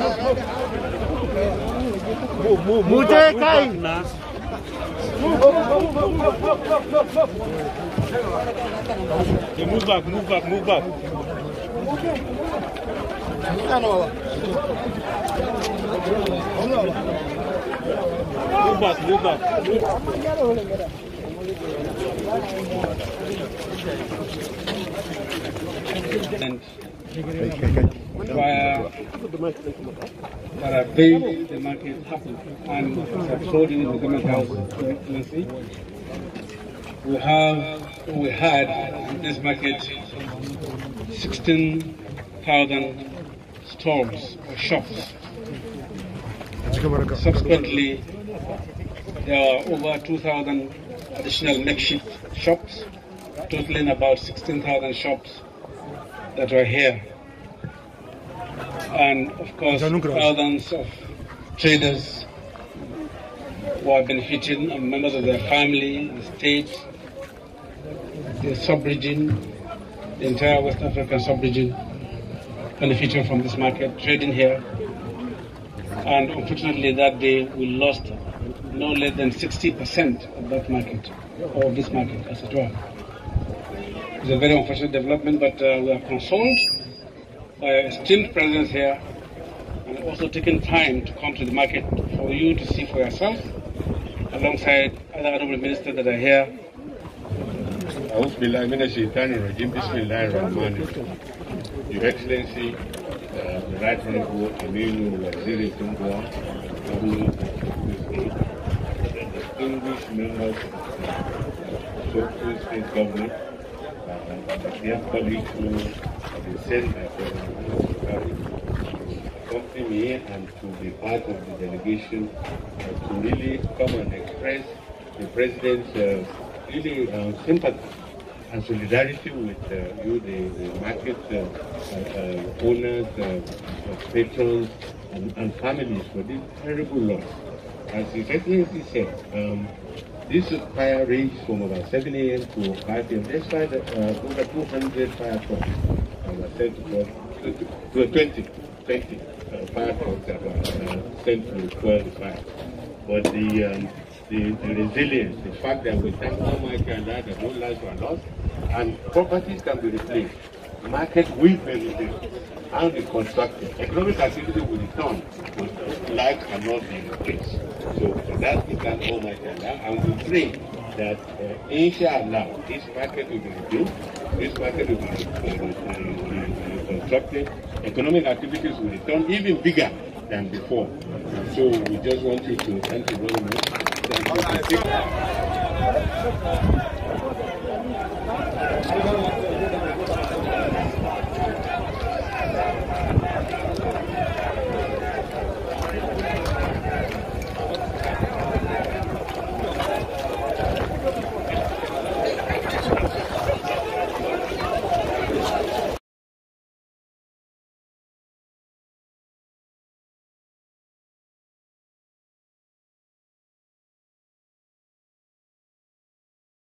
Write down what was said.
मुझे कहीं Move, move, move, move, move, move, move, move. Okay, move back, move back, move back. Move back, move back. Move. And... Okay, okay. that have made the market happen and have sold in the government house We have, we had in this market 16,000 stores or shops. Subsequently, there are over 2,000 additional makeshift shops, totaling about 16,000 shops that were here and of course thousands of traders who been benefiting and members of their family, the state, the sub-region, the entire West African sub-region benefiting from this market, trading here. And unfortunately that day we lost no less than 60% of that market, or this market as it were. It's a very unfortunate development, but uh, we are consoled uh, still presence here and also taken time to come to the market for you to see for yourself alongside other honorable ministers that are here. Your Excellency, uh, the Right Honorable Aminu Waziri Tungwa, distinguished members of the State Government, uh, the dear colleagues to accompany me and to be part of the delegation uh, to really come and express the President's uh, really uh, sympathy and solidarity with uh, you, the, the market uh, uh, owners, patrons, and, and, families for this terrible loss. As His said, um, this fire ranged from about 7 a.m. to 5 p.m. That's why the, over 200 trucks to 20, 20 uh, fireworks that were to 12 But the, um, the, the, resilience, the fact that we thank Almighty Allah that no lives were lost and properties can be replaced, market will benefit and the construction, Economic activity will return, but life cannot be replaced. So for that we thank Almighty Allah and we pray that uh, inshallah, this market will be rebuilt, this market will be uh, constructed, uh, uh, economic activities will become even bigger than before. So we just want you to thank you very much. Thank you.